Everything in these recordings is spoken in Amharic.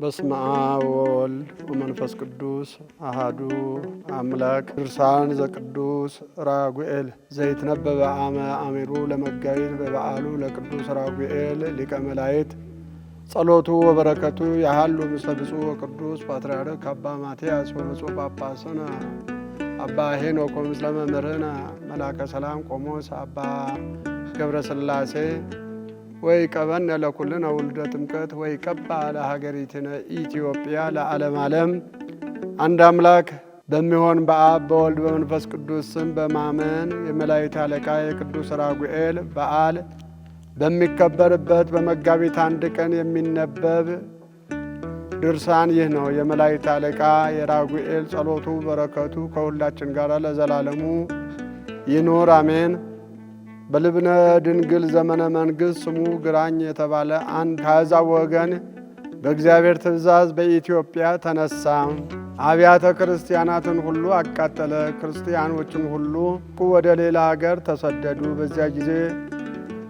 በስመ አብ ወወልድ ወመንፈስ ቅዱስ አሃዱ አምላክ። ድርሳን ዘቅዱስ ራጉኤል ዘይትነበበ አመ አሚሩ ለመጋቢት በበዓሉ ለቅዱስ ራጉኤል ሊቀ መላእክት ጸሎቱ ወበረከቱ ያህሉ ምስለ ብፁዕ ወቅዱስ ፓትርያርክ አባ ማትያስ ወብፁዕ ጳጳስነ አባ ሄኖክ ምስለ መምህርነ መላከ ሰላም ቆሞስ አባ ገብረ ስላሴ ወይ ቀበን ለኩልን አውልደ ጥምቀት ወይ ቀባ ለሀገሪትነ ኢትዮጵያ ለዓለም ዓለም። አንድ አምላክ በሚሆን በአብ በወልድ በመንፈስ ቅዱስ ስም በማመን የመላእክት አለቃ የቅዱስ ራጉኤል በዓል በሚከበርበት በመጋቢት አንድ ቀን የሚነበብ ድርሳን ይህ ነው። የመላእክት አለቃ የራጉኤል ጸሎቱ በረከቱ ከሁላችን ጋር ለዘላለሙ ይኑር አሜን። በልብነ ድንግል ዘመነ መንግሥት ስሙ ግራኝ የተባለ አንድ ከአሕዛብ ወገን በእግዚአብሔር ትእዛዝ በኢትዮጵያ ተነሳ። አብያተ ክርስቲያናትን ሁሉ አቃጠለ። ክርስቲያኖችን ሁሉ ወደ ሌላ አገር ተሰደዱ። በዚያ ጊዜ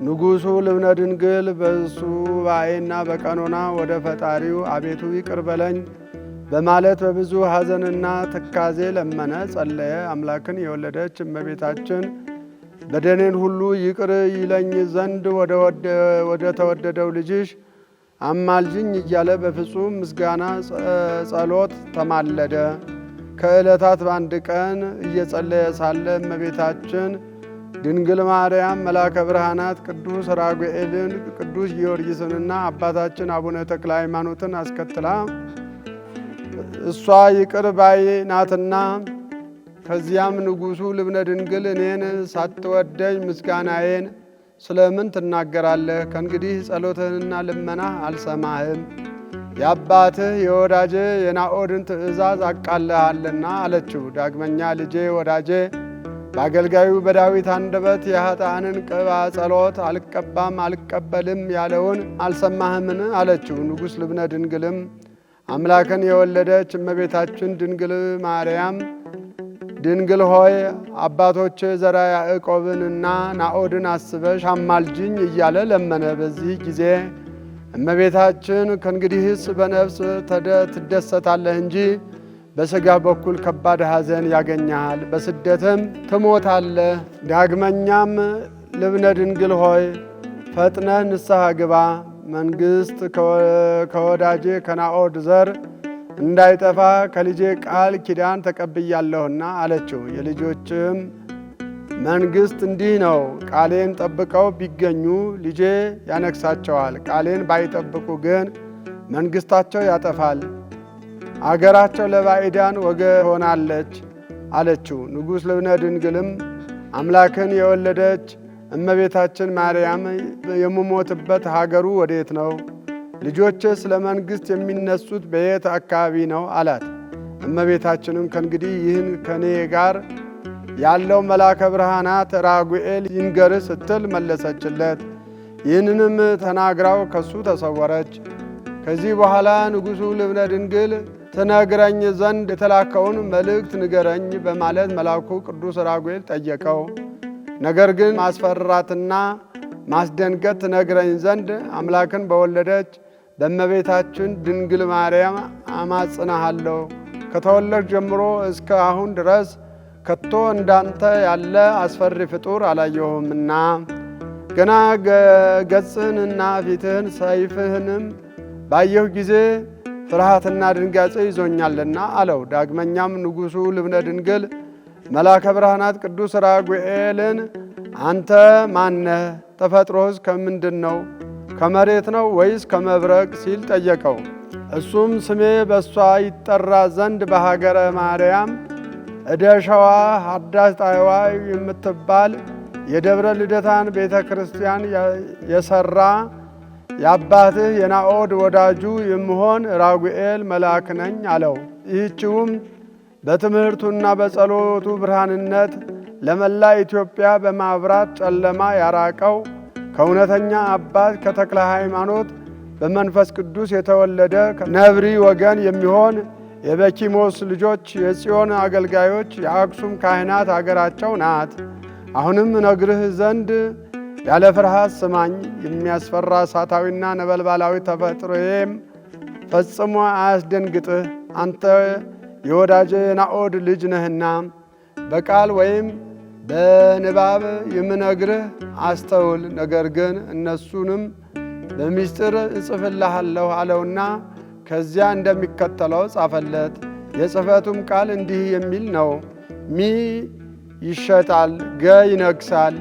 ንጉሡ ልብነ ድንግል በሱባኤና በቀኖና ወደ ፈጣሪው አቤቱ ይቅር በለኝ በማለት በብዙ ሐዘንና ትካዜ ለመነ፣ ጸለየ። አምላክን የወለደች እመቤታችን በደኔን ሁሉ ይቅር ይለኝ ዘንድ ወደ ተወደደው ልጅሽ አማልጅኝ እያለ በፍጹም ምስጋና ጸሎት ተማለደ። ከዕለታት በአንድ ቀን እየጸለየ ሳለ እመቤታችን ድንግል ማርያም መላከ ብርሃናት ቅዱስ ራጉኤልን፣ ቅዱስ ጊዮርጊስንና አባታችን አቡነ ተክለ ሃይማኖትን አስከትላ እሷ ይቅር ባይ ናትና ከዚያም ንጉሡ ልብነ ድንግል እኔን ሳትወደኝ ምስጋናዬን ስለምን ትናገራለህ? ከእንግዲህ ጸሎትህንና ልመናህ አልሰማህም፣ የአባትህ የወዳጄ የናኦድን ትእዛዝ አቃለሃልና አለችው። ዳግመኛ ልጄ ወዳጄ በአገልጋዩ በዳዊት አንደበት የኃጥአንን ቅባ ጸሎት አልቀባም አልቀበልም ያለውን አልሰማህምን? አለችው። ንጉሥ ልብነ ድንግልም አምላክን የወለደች እመቤታችን ድንግል ማርያም ድንግል ሆይ አባቶች ዘራ ያዕቆብንና ናኦድን አስበሽ አማልጅኝ እያለ ለመነ። በዚህ ጊዜ እመቤታችን ከእንግዲህስ በነፍስ ትደሰታለህ እንጂ በሥጋ በኩል ከባድ ሐዘን ያገኘሃል፣ በስደትም ትሞታለህ። ዳግመኛም ልብነ ድንግል ሆይ ፈጥነህ ንስሐ ግባ፣ መንግሥት ከወዳጄ ከናኦድ ዘር እንዳይጠፋ ከልጄ ቃል ኪዳን ተቀብያለሁና አለችው። የልጆችም መንግሥት እንዲህ ነው፣ ቃሌን ጠብቀው ቢገኙ ልጄ ያነግሳቸዋል፣ ቃሌን ባይጠብቁ ግን መንግሥታቸው ያጠፋል፣ አገራቸው ለባዕዳን ወገን ሆናለች አለችው። ንጉሥ ልብነ ድንግልም አምላክን የወለደች እመቤታችን ማርያም የምሞትበት ሀገሩ ወዴት ነው? ልጆች ስለ መንግሥት የሚነሱት በየት አካባቢ ነው አላት። እመቤታችንም ከእንግዲህ ይህን ከኔ ጋር ያለው መልአከ ብርሃናት ራጉኤል ይንገር ስትል መለሰችለት። ይህንንም ተናግራው ከሱ ተሰወረች። ከዚህ በኋላ ንጉሡ ልብነ ድንግል ትነግረኝ ዘንድ የተላከውን መልእክት ንገረኝ በማለት መልአኩ ቅዱስ ራጉኤል ጠየቀው። ነገር ግን ማስፈራትና ማስደንገት ትነግረኝ ዘንድ አምላክን በወለደች ለመቤታችን ድንግል ማርያም አማጽናሃለሁ። ከተወለድ ጀምሮ እስከ አሁን ድረስ ከቶ እንዳንተ ያለ አስፈሪ ፍጡር አላየሁምና ገና ገጽህንና ፊትህን ሰይፍህንም ባየሁ ጊዜ ፍርሃትና ድንጋጼ ይዞኛልና አለው። ዳግመኛም ንጉሡ ልብነ ድንግል መላከ ብርሃናት ቅዱስ ራጉኤልን አንተ ማነህ? ተፈጥሮህስ ከምንድን ነው? ከመሬት ነው ወይስ ከመብረቅ ሲል ጠየቀው። እሱም ስሜ በእሷ ይጠራ ዘንድ በሀገረ ማርያም እደሸዋ ሸዋ ሀዳስ ጣይዋ የምትባል የደብረ ልደታን ቤተ ክርስቲያን የሰራ የአባትህ የናኦድ ወዳጁ የምሆን ራጉኤል መልአክ ነኝ አለው። ይህችውም በትምህርቱና በጸሎቱ ብርሃንነት ለመላ ኢትዮጵያ በማብራት ጨለማ ያራቀው ከእውነተኛ አባት ከተክለ ሃይማኖት በመንፈስ ቅዱስ የተወለደ ነብሪ ወገን የሚሆን የበኪሞስ ልጆች የጽዮን አገልጋዮች የአክሱም ካህናት አገራቸው ናት። አሁንም ነግርህ ዘንድ ያለ ፍርሃት ስማኝ። የሚያስፈራ እሳታዊና ነበልባላዊ ተፈጥሮዬም ፈጽሞ አያስደንግጥህ። አንተ የወዳጄ የናኦድ ልጅ ነህና በቃል ወይም በንባብ የምነግርህ አስተውል፣ ነገር ግን እነሱንም በምስጢር እጽፍልሃለሁ አለውና ከዚያ እንደሚከተለው ጻፈለት። የጽህፈቱም ቃል እንዲህ የሚል ነው። ሚ ይሸጣል፣ ገ ይነግሳል፣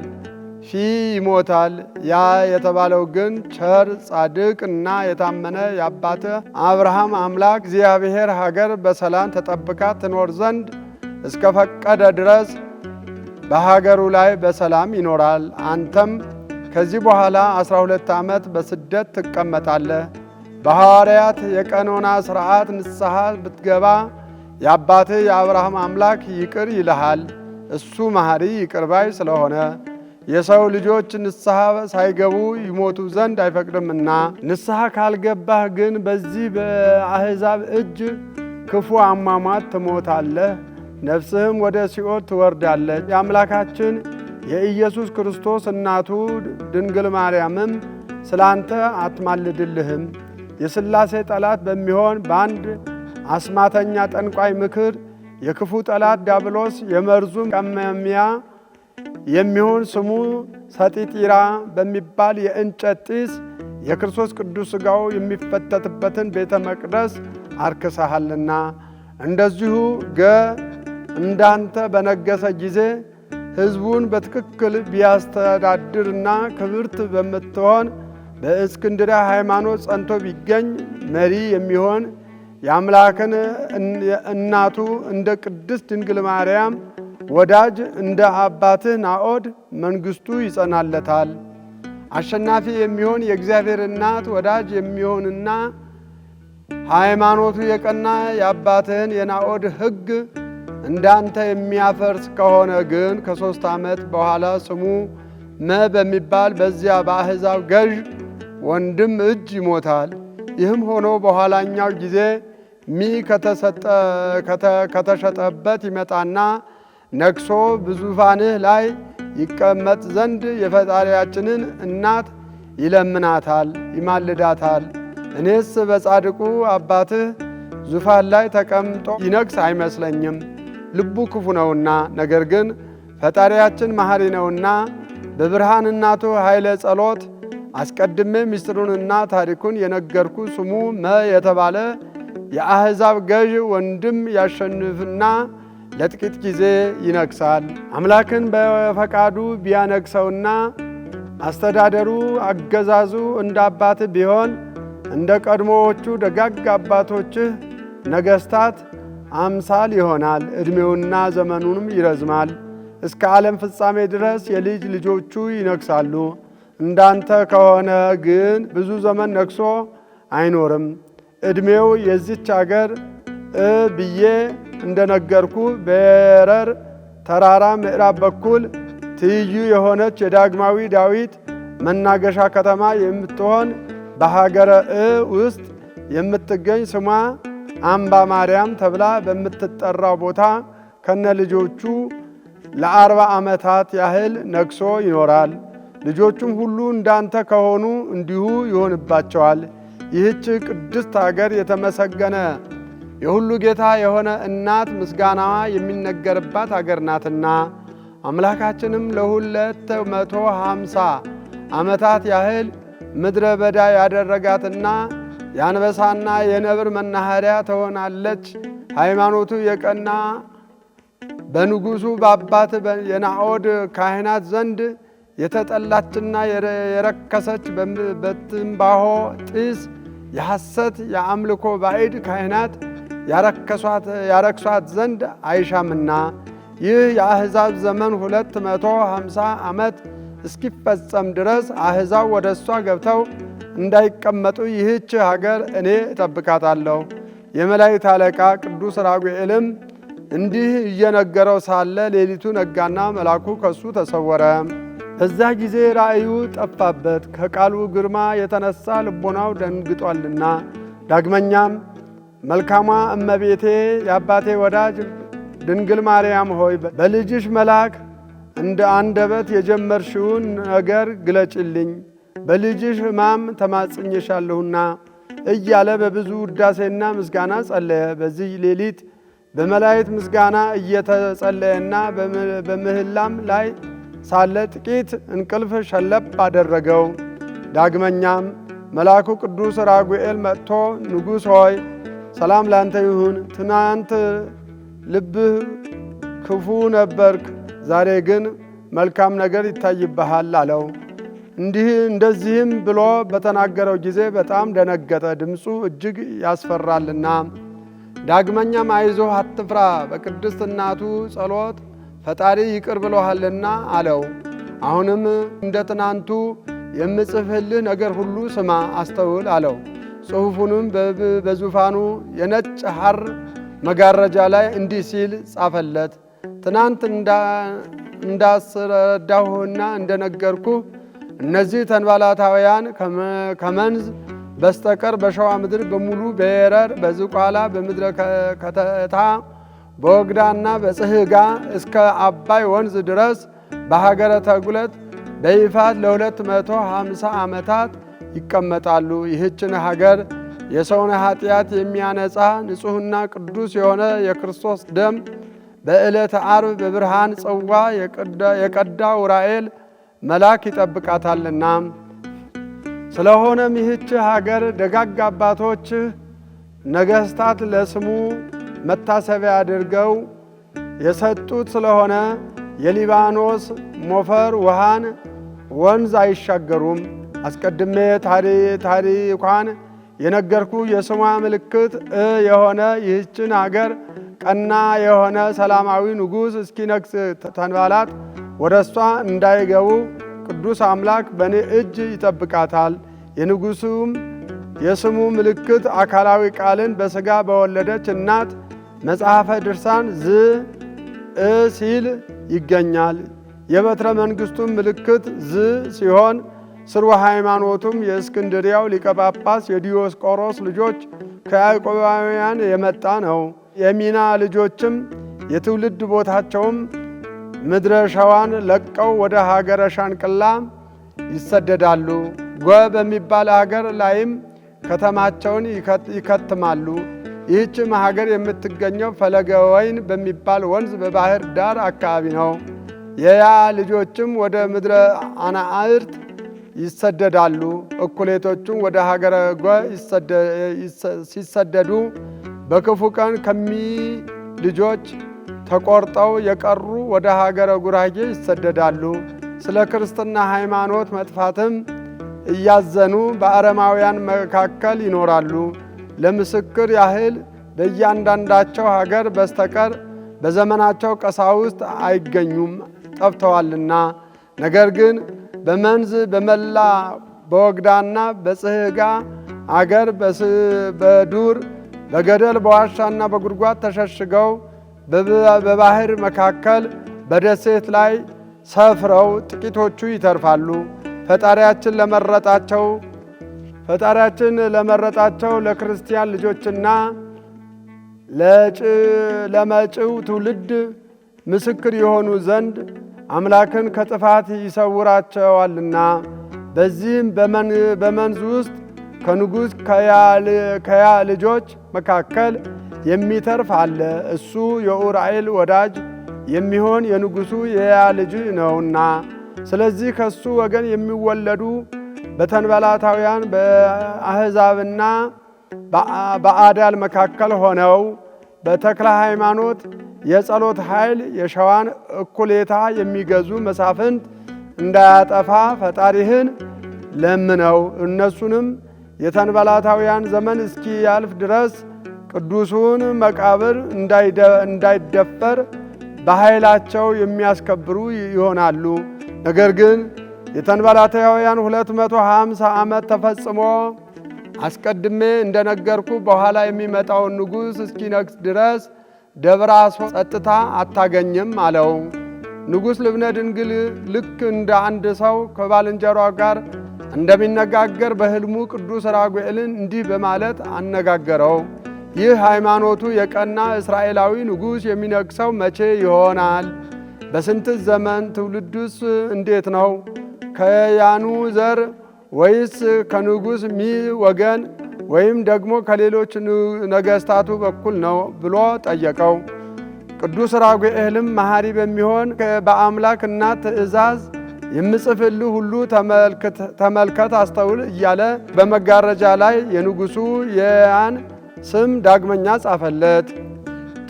ፊ ይሞታል። ያ የተባለው ግን ቸር ጻድቅ እና የታመነ የአባት አብርሃም አምላክ እግዚአብሔር ሀገር በሰላም ተጠብቃ ትኖር ዘንድ እስከ ፈቀደ ድረስ በሀገሩ ላይ በሰላም ይኖራል። አንተም ከዚህ በኋላ 12 ዓመት በስደት ትቀመጣለህ። በሐዋርያት የቀኖና ሥርዓት ንስሐ ብትገባ የአባትህ የአብርሃም አምላክ ይቅር ይልሃል። እሱ መሐሪ ይቅርባይ ስለሆነ የሰው ልጆች ንስሐ ሳይገቡ ይሞቱ ዘንድ አይፈቅድምና፣ ንስሐ ካልገባህ ግን በዚህ በአሕዛብ እጅ ክፉ አሟሟት ትሞታለህ። ነፍስህም ወደ ሲኦል ትወርዳለች። የአምላካችን የኢየሱስ ክርስቶስ እናቱ ድንግል ማርያምም ስላንተ አትማልድልህም። የሥላሴ ጠላት በሚሆን በአንድ አስማተኛ ጠንቋይ ምክር የክፉ ጠላት ዲያብሎስ የመርዙም ቀመሚያ የሚሆን ስሙ ሰጢጢራ በሚባል የእንጨት ጢስ የክርስቶስ ቅዱስ ሥጋው የሚፈተትበትን ቤተ መቅደስ አርክሰሃልና እንደዚሁ ገ እንዳንተ በነገሰ ጊዜ ሕዝቡን በትክክል ቢያስተዳድርና ክብርት በምትሆን በእስክንድሪያ ሃይማኖት ጸንቶ ቢገኝ መሪ የሚሆን የአምላክን እናቱ እንደ ቅድስት ድንግል ማርያም ወዳጅ እንደ አባትህ ናኦድ መንግሥቱ ይጸናለታል። አሸናፊ የሚሆን የእግዚአብሔር እናት ወዳጅ የሚሆንና ሃይማኖቱ የቀና የአባትህን የናኦድ ሕግ እንዳንተ የሚያፈርስ ከሆነ ግን ከሦስት ዓመት በኋላ ስሙ መ በሚባል በዚያ በአሕዛብ ገዥ ወንድም እጅ ይሞታል። ይህም ሆኖ በኋላኛው ጊዜ ሚ ከተሸጠበት ይመጣና ነግሶ በዙፋንህ ላይ ይቀመጥ ዘንድ የፈጣሪያችንን እናት ይለምናታል፣ ይማልዳታል። እኔስ በጻድቁ አባትህ ዙፋን ላይ ተቀምጦ ይነግስ አይመስለኝም። ልቡ ክፉ ነውና፣ ነገር ግን ፈጣሪያችን መሐሪ ነውና በብርሃን እናቱ ኃይለ ጸሎት አስቀድሜ ምስጢሩንና ታሪኩን የነገርኩ ስሙ መ የተባለ የአሕዛብ ገዥ ወንድም ያሸንፍና ለጥቂት ጊዜ ይነግሳል። አምላክን በፈቃዱ ቢያነግሰውና አስተዳደሩ አገዛዙ እንደ አባት ቢሆን እንደ ቀድሞዎቹ ደጋግ አባቶችህ ነገሥታት አምሳል ይሆናል። ዕድሜውና ዘመኑንም ይረዝማል። እስከ ዓለም ፍጻሜ ድረስ የልጅ ልጆቹ ይነግሳሉ። እንዳንተ ከሆነ ግን ብዙ ዘመን ነግሶ አይኖርም። ዕድሜው የዚች አገር እ ብዬ እንደነገርኩ በረር ተራራ ምዕራብ በኩል ትይዩ የሆነች የዳግማዊ ዳዊት መናገሻ ከተማ የምትሆን በሀገረ እ ውስጥ የምትገኝ ስሟ አምባ ማርያም ተብላ በምትጠራው ቦታ ከነ ልጆቹ ለአርባ ዓመታት ያህል ነግሶ ይኖራል። ልጆቹም ሁሉ እንዳንተ ከሆኑ እንዲሁ ይሆንባቸዋል። ይህች ቅድስት አገር የተመሰገነ የሁሉ ጌታ የሆነ እናት ምስጋናዋ የሚነገርባት አገር ናትና አምላካችንም ለሁለት መቶ ሃምሳ ዓመታት ያህል ምድረ በዳ ያደረጋትና የአንበሳና የነብር መናኸሪያ ትሆናለች። ሃይማኖቱ የቀና በንጉሱ በአባት የናዖድ ካህናት ዘንድ የተጠላችና የረከሰች በትንባሆ ጢስ የሐሰት የአምልኮ ባዕድ ካህናት ያረክሷት ዘንድ አይሻምና ይህ የአሕዛብ ዘመን ሁለት መቶ ሃምሳ ዓመት እስኪፈጸም ድረስ አሕዛብ ወደ እሷ ገብተው እንዳይቀመጡ ይህች ሀገር እኔ እጠብቃታለሁ። የመላእክት አለቃ ቅዱስ ራጉኤልም እንዲህ እየነገረው ሳለ ሌሊቱ ነጋና መልአኩ ከሱ ተሰወረ። በዛ ጊዜ ራእዩ ጠፋበት፣ ከቃሉ ግርማ የተነሳ ልቦናው ደንግጧልና። ዳግመኛም መልካሟ እመቤቴ የአባቴ ወዳጅ ድንግል ማርያም ሆይ በልጅሽ መልአክ እንደ አንደበት የጀመርሽውን ነገር ግለጭልኝ በልጅሽ ሕማም ተማጽኝሻለሁና እያለ በብዙ ውዳሴና ምስጋና ጸለየ። በዚህ ሌሊት በመላእክት ምስጋና እየተጸለየና በምህላም ላይ ሳለ ጥቂት እንቅልፍ ሸለብ አደረገው። ዳግመኛም መልአኩ ቅዱስ ራጉኤል መጥቶ ንጉሥ ሆይ ሰላም ላንተ ይሁን። ትናንት ልብህ ክፉ ነበርክ፣ ዛሬ ግን መልካም ነገር ይታይብሃል አለው። እንዲህ እንደዚህም ብሎ በተናገረው ጊዜ በጣም ደነገጠ፣ ድምፁ እጅግ ያስፈራልና። ዳግመኛም አይዞህ አትፍራ፣ በቅድስት እናቱ ጸሎት ፈጣሪ ይቅር ብሎሃልና አለው። አሁንም እንደ ትናንቱ የምጽፍህልህ ነገር ሁሉ ስማ፣ አስተውል አለው። ጽሑፉንም በዙፋኑ የነጭ ሐር መጋረጃ ላይ እንዲህ ሲል ጻፈለት። ትናንት እንዳስረዳሁህና እንደነገርኩህ እነዚህ ተንባላታውያን ከመንዝ በስተቀር በሸዋ ምድር በሙሉ በየረር፣ በዝቋላ፣ በምድረ ከተታ፣ በወግዳና በጽህጋ እስከ አባይ ወንዝ ድረስ በሀገረ ተጉለት በይፋት ለሁለት መቶ ሃምሳ ዓመታት ይቀመጣሉ። ይህችን ሀገር የሰውን ኃጢአት የሚያነጻ ንጹሕና ቅዱስ የሆነ የክርስቶስ ደም በዕለተ አርብ በብርሃን ጽዋ የቀዳ ዑራኤል መልአክ ይጠብቃታልና። ስለሆነም ይህች ሀገር ደጋግ አባቶች ነገሥታት ለስሙ መታሰቢያ አድርገው የሰጡት ስለሆነ የሊባኖስ ሞፈር ውሃን ወንዝ አይሻገሩም። አስቀድሜ ታሪ ታሪኳን የነገርኩ የስሟ ምልክት እ የሆነ ይህችን ሀገር ቀና የሆነ ሰላማዊ ንጉሥ እስኪነግስ ተንባላት ወደ እሷ እንዳይገቡ ቅዱስ አምላክ በእኔ እጅ ይጠብቃታል። የንጉሡም የስሙ ምልክት አካላዊ ቃልን በሥጋ በወለደች እናት መጽሐፈ ድርሳን ዝ እ ሲል ይገኛል። የበትረ መንግሥቱም ምልክት ዝ ሲሆን ስርወ ሃይማኖቱም የእስክንድሪያው ሊቀ ጳጳስ የዲዮስቆሮስ ልጆች ከያዕቆባውያን የመጣ ነው። የሚና ልጆችም የትውልድ ቦታቸውም ምድረ ሸዋን ለቀው ወደ ሀገረ ሻንቅላ ይሰደዳሉ። ጎ በሚባል ሀገር ላይም ከተማቸውን ይከትማሉ። ይህችም ሀገር የምትገኘው ፈለገ ወይን በሚባል ወንዝ በባህር ዳር አካባቢ ነው። የያ ልጆችም ወደ ምድረ አናእርት ይሰደዳሉ። እኩሌቶቹም ወደ ሀገረ ጎ ሲሰደዱ በክፉ ቀን ከሚ ልጆች ተቆርጠው የቀሩ ወደ ሀገረ ጉራጌ ይሰደዳሉ። ስለ ክርስትና ሃይማኖት መጥፋትም እያዘኑ በአረማውያን መካከል ይኖራሉ። ለምስክር ያህል በእያንዳንዳቸው ሀገር በስተቀር በዘመናቸው ቀሳውስት አይገኙም ጠፍተዋልና። ነገር ግን በመንዝ በመላ በወግዳና በጽህጋ አገር በዱር በገደል በዋሻና በጉድጓድ ተሸሽገው በባህር መካከል በደሴት ላይ ሰፍረው ጥቂቶቹ ይተርፋሉ። ፈጣሪያችን ለመረጣቸው ፈጣሪያችን ለመረጣቸው ለክርስቲያን ልጆችና ለመጪው ትውልድ ምስክር የሆኑ ዘንድ አምላክን ከጥፋት ይሰውራቸዋልና። በዚህም በመንዝ ውስጥ ከንጉሥ ከያ ልጆች መካከል የሚተርፍ አለ። እሱ የኡራኤል ወዳጅ የሚሆን የንጉሡ የያ ልጅ ነውና፣ ስለዚህ ከሱ ወገን የሚወለዱ በተንበላታውያን በአሕዛብና በአዳል መካከል ሆነው በተክለ ሃይማኖት የጸሎት ኃይል የሸዋን እኩሌታ የሚገዙ መሳፍንት እንዳያጠፋ ፈጣሪህን ለምነው እነሱንም የተንበላታውያን ዘመን እስኪያልፍ ድረስ ቅዱሱን መቃብር እንዳይደፈር በኃይላቸው የሚያስከብሩ ይሆናሉ። ነገር ግን የተንበላታውያን 250 ዓመት ተፈጽሞ አስቀድሜ እንደነገርኩ በኋላ የሚመጣውን ንጉሥ እስኪነግስ ድረስ ደብረ አሶር ጸጥታ አታገኝም አለው። ንጉሥ ልብነ ድንግል ልክ እንደ አንድ ሰው ከባልንጀሯ ጋር እንደሚነጋገር በሕልሙ ቅዱስ ራጉኤልን እንዲህ በማለት አነጋገረው። ይህ ሃይማኖቱ የቀና እስራኤላዊ ንጉሥ የሚነግሰው መቼ ይሆናል? በስንት ዘመን ትውልዱስ እንዴት ነው? ከያኑ ዘር ወይስ ከንጉሥ ሚ ወገን ወይም ደግሞ ከሌሎች ነገሥታቱ በኩል ነው ብሎ ጠየቀው። ቅዱስ ራጉኤልም መሐሪ በሚሆን በአምላክ እና ትእዛዝ የምጽፍልህ ሁሉ ተመልከት፣ አስተውል እያለ በመጋረጃ ላይ የንጉሡ የያን ስም ዳግመኛ ጻፈለት።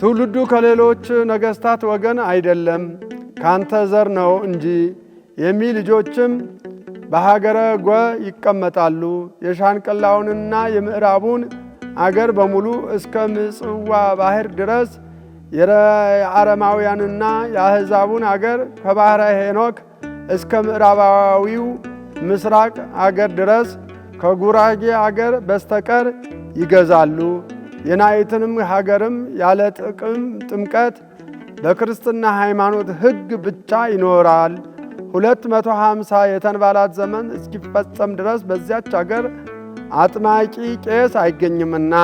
ትውልዱ ከሌሎች ነገሥታት ወገን አይደለም ካንተ ዘር ነው እንጂ የሚ ልጆችም በሀገረ ጎ ይቀመጣሉ። የሻንቅላውንና የምዕራቡን አገር በሙሉ እስከ ምጽዋ ባህር ድረስ የአረማውያንና የአሕዛቡን አገር ከባሕረ ሄኖክ እስከ ምዕራባዊው ምስራቅ አገር ድረስ ከጉራጌ አገር በስተቀር ይገዛሉ። የናይትንም ሀገርም ያለ ጥቅም ጥምቀት በክርስትና ሃይማኖት ሕግ ብቻ ይኖራል። ሁለት መቶ ሃምሳ የተንባላት ዘመን እስኪፈጸም ድረስ በዚያች አገር አጥማቂ ቄስ አይገኝምና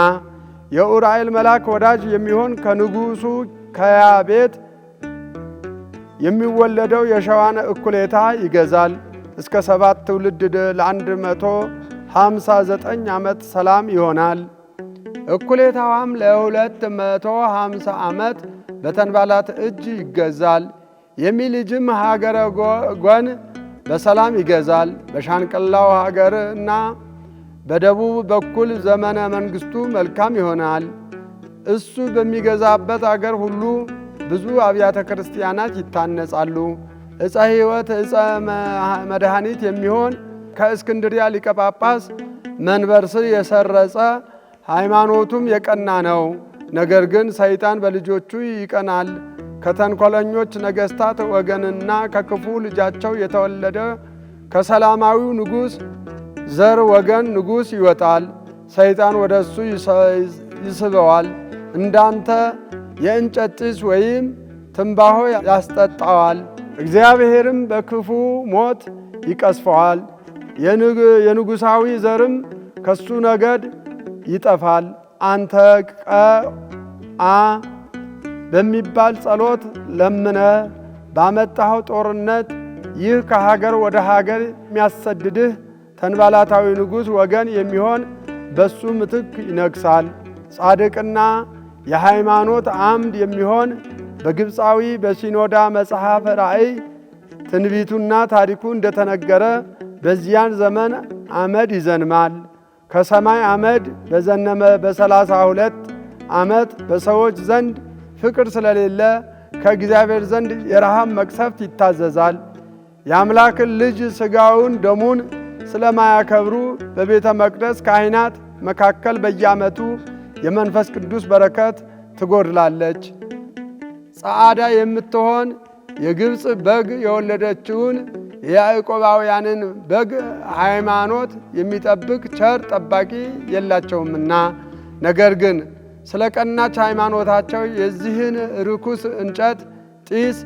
የኡራኤል መልአክ ወዳጅ የሚሆን ከንጉሡ ከያ ቤት የሚወለደው የሸዋን እኩሌታ ይገዛል። እስከ ሰባት ትውልድ ለአንድ መቶ ሃምሳ ዘጠኝ ዓመት ሰላም ይሆናል። እኩሌታዋም ለሁለት መቶ ሃምሳ ዓመት በተንባላት እጅ ይገዛል። የሚልጅም ሀገረ ጎን በሰላም ይገዛል። በሻንቅላው ሀገር እና በደቡብ በኩል ዘመነ መንግስቱ መልካም ይሆናል። እሱ በሚገዛበት አገር ሁሉ ብዙ አብያተ ክርስቲያናት ይታነጻሉ። እፀ ሕይወት እፀ መድኃኒት የሚሆን ከእስክንድሪያ ሊቀ ጳጳስ መንበርስ የሰረጸ ሃይማኖቱም የቀና ነው። ነገር ግን ሰይጣን በልጆቹ ይቀናል። ከተንኮለኞች ነገሥታት ወገንና ከክፉ ልጃቸው የተወለደ ከሰላማዊው ንጉሥ ዘር ወገን ንጉሥ ይወጣል። ሰይጣን ወደ እሱ ይስበዋል። እንዳንተ የእንጨት ጢስ ወይም ትንባሆ ያስጠጣዋል። እግዚአብሔርም በክፉ ሞት ይቀስፈዋል። የንጉሳዊ ዘርም ከሱ ነገድ ይጠፋል። አንተ ቀአ በሚባል ጸሎት ለምነ ባመጣኸው ጦርነት ይህ ከሀገር ወደ ሀገር የሚያሰድድህ ተንባላታዊ ንጉሥ ወገን የሚሆን በሱ ምትክ ይነግሳል። ጻድቅና የሃይማኖት አምድ የሚሆን በግብፃዊ በሲኖዳ መጽሐፍ ራእይ ትንቢቱና ታሪኩ እንደተነገረ በዚያን ዘመን አመድ ይዘንማል። ከሰማይ አመድ በዘነመ በሰላሳ ሁለት ዓመት በሰዎች ዘንድ ፍቅር ስለሌለ ከእግዚአብሔር ዘንድ የረሃብ መቅሰፍት ይታዘዛል። የአምላክን ልጅ ሥጋውን ደሙን ስለማያከብሩ በቤተ መቅደስ ካህናት መካከል በየዓመቱ የመንፈስ ቅዱስ በረከት ትጎድላለች። ጸዓዳ የምትሆን የግብፅ በግ የወለደችውን የያዕቆባውያንን በግ ሃይማኖት የሚጠብቅ ቸር ጠባቂ የላቸውምና ነገር ግን ስለ ቀናች ሃይማኖታቸው የዚህን ርኩስ እንጨት ጢስ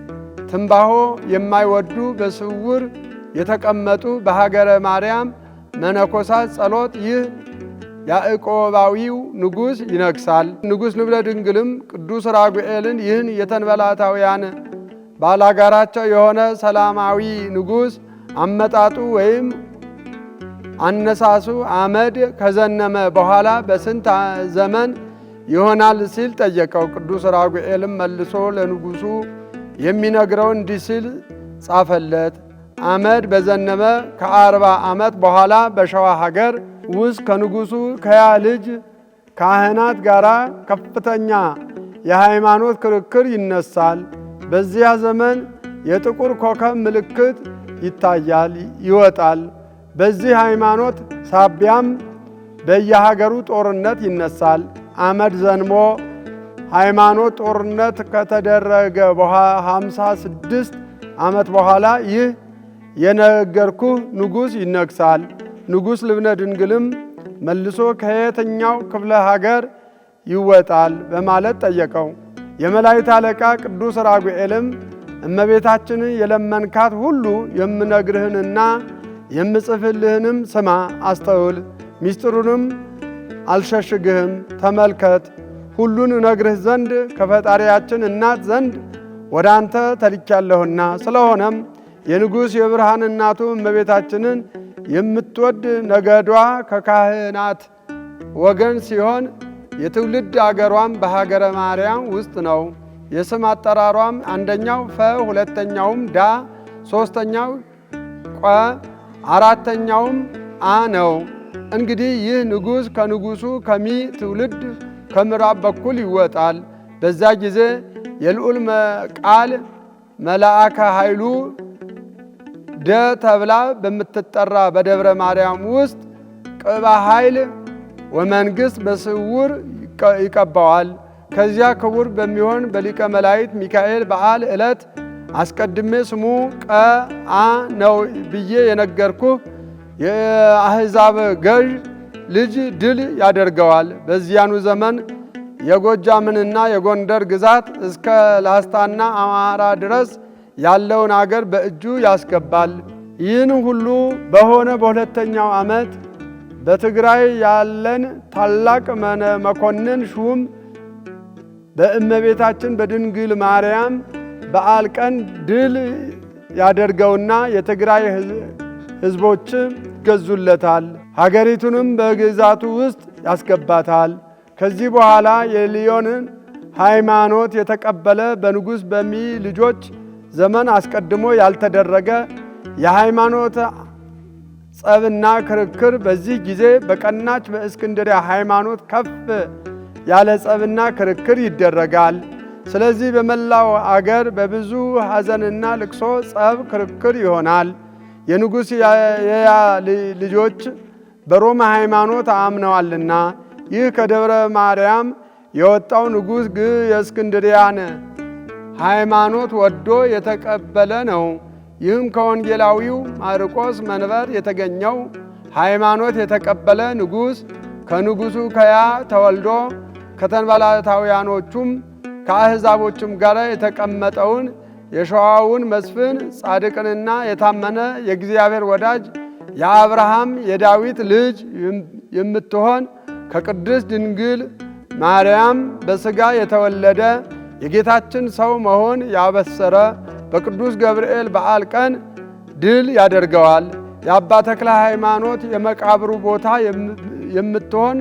ትንባሆ የማይወዱ በስውር የተቀመጡ በሀገረ ማርያም መነኮሳት ጸሎት ይህ ያዕቆባዊው ንጉሥ ይነግሳል። ንጉሥ ንብለ ድንግልም ቅዱስ ራጉኤልን ይህን የተንበላታውያን ባላጋራቸው የሆነ ሰላማዊ ንጉሥ አመጣጡ ወይም አነሳሱ አመድ ከዘነመ በኋላ በስንት ዘመን ይሆናል ሲል ጠየቀው። ቅዱስ ራጉኤልም መልሶ ለንጉሡ የሚነግረው እንዲህ ሲል ጻፈለት። አመድ በዘነመ ከአርባ ዓመት በኋላ በሸዋ ሀገር ውስጥ ከንጉሡ ከያ ልጅ ካህናት ጋር ከፍተኛ የሃይማኖት ክርክር ይነሳል። በዚያ ዘመን የጥቁር ኮከብ ምልክት ይታያል፣ ይወጣል። በዚህ ሃይማኖት ሳቢያም በየሀገሩ ጦርነት ይነሳል። አመድ ዘንሞ ሃይማኖት ጦርነት ከተደረገ ሃምሳ ስድስት ዓመት በኋላ ይህ የነገርኩህ ንጉሥ ይነግሳል። ንጉሥ ልብነ ድንግልም መልሶ ከየትኛው ክፍለ ሀገር ይወጣል በማለት ጠየቀው። የመላእክት አለቃ ቅዱስ ራጉኤልም እመቤታችንን የለመንካት ሁሉ የምነግርህንና የምጽፍልህንም ስማ፣ አስተውል፣ ሚስጢሩንም አልሸሽግህም፣ ተመልከት። ሁሉን እነግርህ ዘንድ ከፈጣሪያችን እናት ዘንድ ወደ አንተ ተልኪያለሁና። ስለሆነም የንጉሥ የብርሃን እናቱ እመቤታችንን የምትወድ ነገዷ ከካህናት ወገን ሲሆን የትውልድ አገሯም በሀገረ ማርያም ውስጥ ነው። የስም አጠራሯም አንደኛው ፈ፣ ሁለተኛውም ዳ፣ ሶስተኛው ቆ፣ አራተኛውም አ ነው። እንግዲህ ይህ ንጉሥ ከንጉሡ ከሚ ትውልድ ከምዕራብ በኩል ይወጣል። በዛ ጊዜ የልዑል ቃል መልአከ ኃይሉ ደ ተብላ በምትጠራ በደብረ ማርያም ውስጥ ቅባ ኃይል ወመንግሥት በስውር ይቀባዋል። ከዚያ ክቡር በሚሆን በሊቀ መላእክት ሚካኤል በዓል ዕለት አስቀድሜ ስሙ ቀአ ነው ብዬ የነገርኩህ የአሕዛብ ገዥ ልጅ ድል ያደርገዋል። በዚያኑ ዘመን የጎጃምንና የጎንደር ግዛት እስከ ላስታና አማራ ድረስ ያለውን አገር በእጁ ያስገባል። ይህን ሁሉ በሆነ በሁለተኛው ዓመት በትግራይ ያለን ታላቅ መኮንን ሹም በእመቤታችን በድንግል ማርያም በዓል ቀን ድል ያደርገውና የትግራይ ህዝቦች ይገዙለታል። ሀገሪቱንም በግዛቱ ውስጥ ያስገባታል። ከዚህ በኋላ የሊዮንን ሃይማኖት የተቀበለ በንጉሥ በሚ ልጆች ዘመን አስቀድሞ ያልተደረገ የሃይማኖት ጸብና ክርክር በዚህ ጊዜ በቀናች በእስክንድሪያ ሃይማኖት ከፍ ያለ ጸብና ክርክር ይደረጋል። ስለዚህ በመላው አገር በብዙ ሐዘንና ልቅሶ ጸብ፣ ክርክር ይሆናል። የንጉሥ የያ ልጆች በሮማ ሃይማኖት አምነዋልና ይህ ከደብረ ማርያም የወጣው ንጉሥ ግ የእስክንድሪያን ሃይማኖት ወዶ የተቀበለ ነው። ይህም ከወንጌላዊው ማርቆስ መንበር የተገኘው ሃይማኖት የተቀበለ ንጉሥ ከንጉሡ ከያ ተወልዶ ከተንባላታውያኖቹም ከአሕዛቦቹም ጋር የተቀመጠውን የሸዋውን መስፍን ጻድቅንና የታመነ የእግዚአብሔር ወዳጅ የአብርሃም የዳዊት ልጅ የምትሆን ከቅድስት ድንግል ማርያም በሥጋ የተወለደ የጌታችን ሰው መሆን ያበሰረ በቅዱስ ገብርኤል በዓል ቀን ድል ያደርገዋል። የአባ ተክለ ሃይማኖት የመቃብሩ ቦታ የምትሆን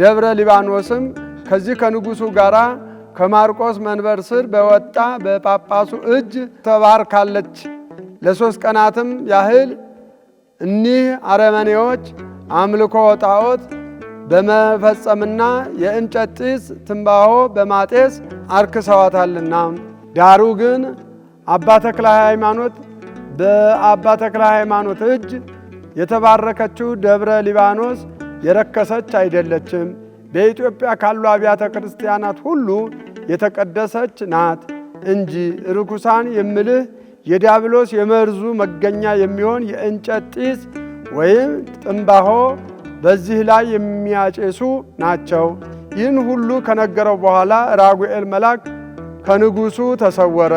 ደብረ ሊባኖስም ከዚህ ከንጉሡ ጋር ከማርቆስ መንበር ስር በወጣ በጳጳሱ እጅ ተባርካለች። ለሦስት ቀናትም ያህል እኒህ አረመኔዎች አምልኮ ጣዖት በመፈጸምና የእንጨት ጢስ ትንባሆ በማጤስ አርክሰዋታልና ዳሩ ግን አባ ተክለ ሃይማኖት በአባ ተክለ ሃይማኖት እጅ የተባረከችው ደብረ ሊባኖስ የረከሰች አይደለችም። በኢትዮጵያ ካሉ አብያተ ክርስቲያናት ሁሉ የተቀደሰች ናት እንጂ ርኩሳን የምልህ የዲያብሎስ የመርዙ መገኛ የሚሆን የእንጨት ጢስ ወይም ጥንባሆ በዚህ ላይ የሚያጨሱ ናቸው። ይህን ሁሉ ከነገረው በኋላ ራጉኤል መልአክ ከንጉሡ ተሰወረ።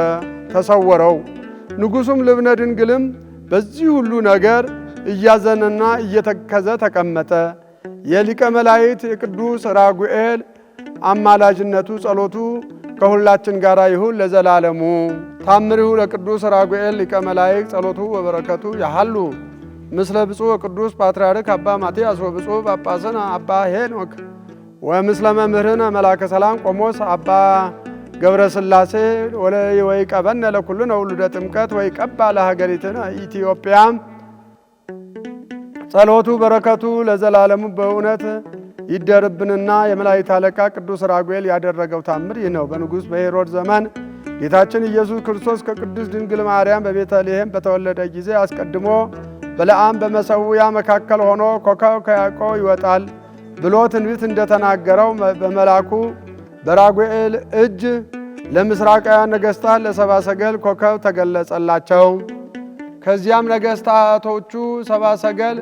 ተሰወረው። ንጉሡም ልብነ ድንግልም በዚህ ሁሉ ነገር እያዘነና እየተከዘ ተቀመጠ። የሊቀ መላእክት የቅዱስ ራጉኤል አማላጅነቱ ጸሎቱ ከሁላችን ጋር ይሁን ለዘላለሙ። ታምሪሁ ለቅዱስ ራጉኤል ሊቀ መላእክት ጸሎቱ ወበረከቱ ያሃሉ ምስለ ብፁዕ ቅዱስ ፓትርያርክ አባ ማትያስ ወብፁዕ ጳጳስን አባ ሄኖክ ወምስለ መምህርን መላከ ሰላም ቆሞስ አባ ገብረ ሥላሴ ወይ ቀበነ ለኩሉ ነው ውሉደ ጥምቀት ወይ ቀባ ለሀገሪትነ ኢትዮጵያ ጸሎቱ በረከቱ ለዘላለሙ በእውነት ይደርብንና የመላእክት አለቃ ቅዱስ ራጉኤል ያደረገው ታምር ይህ ነው። በንጉሥ በሄሮድ ዘመን ጌታችን ኢየሱስ ክርስቶስ ከቅዱስ ድንግል ማርያም በቤተልሔም በተወለደ ጊዜ አስቀድሞ በለዓም በመሰዊያ መካከል ሆኖ ኮከብ ከያዕቆብ ይወጣል ብሎ ትንቢት እንደተናገረው በመላኩ በራጉኤል እጅ ለምስራቃውያን ነገሥታት ለሰባ ሰገል ኮከብ ተገለጸላቸው። ከዚያም ነገሥታቶቹ ሰባ ሰገል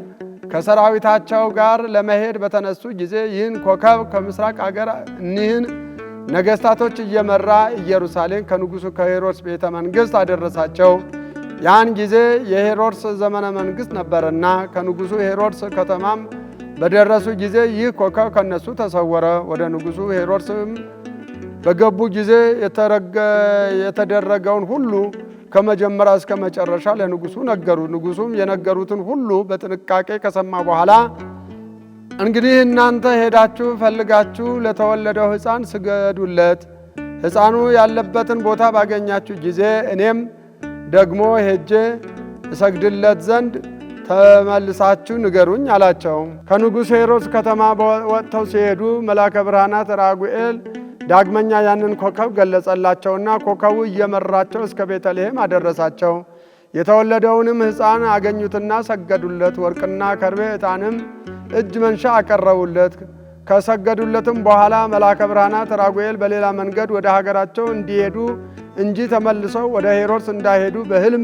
ከሰራዊታቸው ጋር ለመሄድ በተነሱ ጊዜ ይህን ኮከብ ከምስራቅ አገር እኒህን ነገሥታቶች እየመራ ኢየሩሳሌም ከንጉሡ ከሄሮድስ ቤተ መንግሥት አደረሳቸው። ያን ጊዜ የሄሮድስ ዘመነ መንግሥት ነበረና ከንጉሡ ሄሮድስ ከተማም በደረሱ ጊዜ ይህ ኮከብ ከነሱ ተሰወረ። ወደ ንጉሱ ሄሮድስም በገቡ ጊዜ የተደረገውን ሁሉ ከመጀመሪያ እስከ መጨረሻ ለንጉሱ ነገሩ። ንጉሱም የነገሩትን ሁሉ በጥንቃቄ ከሰማ በኋላ እንግዲህ እናንተ ሄዳችሁ ፈልጋችሁ ለተወለደው ሕፃን ስገዱለት፣ ሕፃኑ ያለበትን ቦታ ባገኛችሁ ጊዜ እኔም ደግሞ ሄጄ እሰግድለት ዘንድ ተመልሳችሁ ንገሩኝ አላቸው። ከንጉሥ ሄሮድስ ከተማ ወጥተው ሲሄዱ መላከ ብርሃናት ራጉኤል ዳግመኛ ያንን ኮከብ ገለጸላቸውና ኮከቡ እየመራቸው እስከ ቤተልሔም አደረሳቸው። የተወለደውንም ሕፃን አገኙትና ሰገዱለት። ወርቅና ከርቤ ዕጣንም እጅ መንሻ አቀረቡለት። ከሰገዱለትም በኋላ መልአከ ብርሃናት ራጉኤል በሌላ መንገድ ወደ ሀገራቸው እንዲሄዱ እንጂ ተመልሰው ወደ ሄሮድስ እንዳይሄዱ በሕልም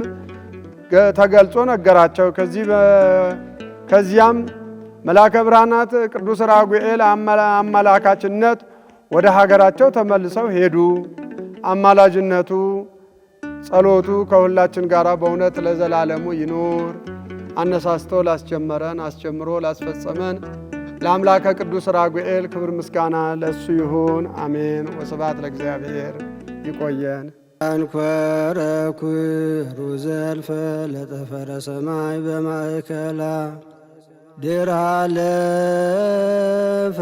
ተገልጾ ነገራቸው። ከዚያም መልአከ ብርሃናት ቅዱስ ራጉኤል አመላካችነት ወደ ሀገራቸው ተመልሰው ሄዱ። አማላጅነቱ ጸሎቱ ከሁላችን ጋር በእውነት ለዘላለሙ ይኑር። አነሳስቶ ላስጀመረን አስጀምሮ ላስፈጸመን ለአምላከ ቅዱስ ራጉኤል ክብር ምስጋና ለእሱ ይሁን፣ አሜን። ወስብሐት ለእግዚአብሔር። ይቆየን። አንኰረኵሩ ዘልፈለጠ ፈረሰማይ በማእከላ ድር አለ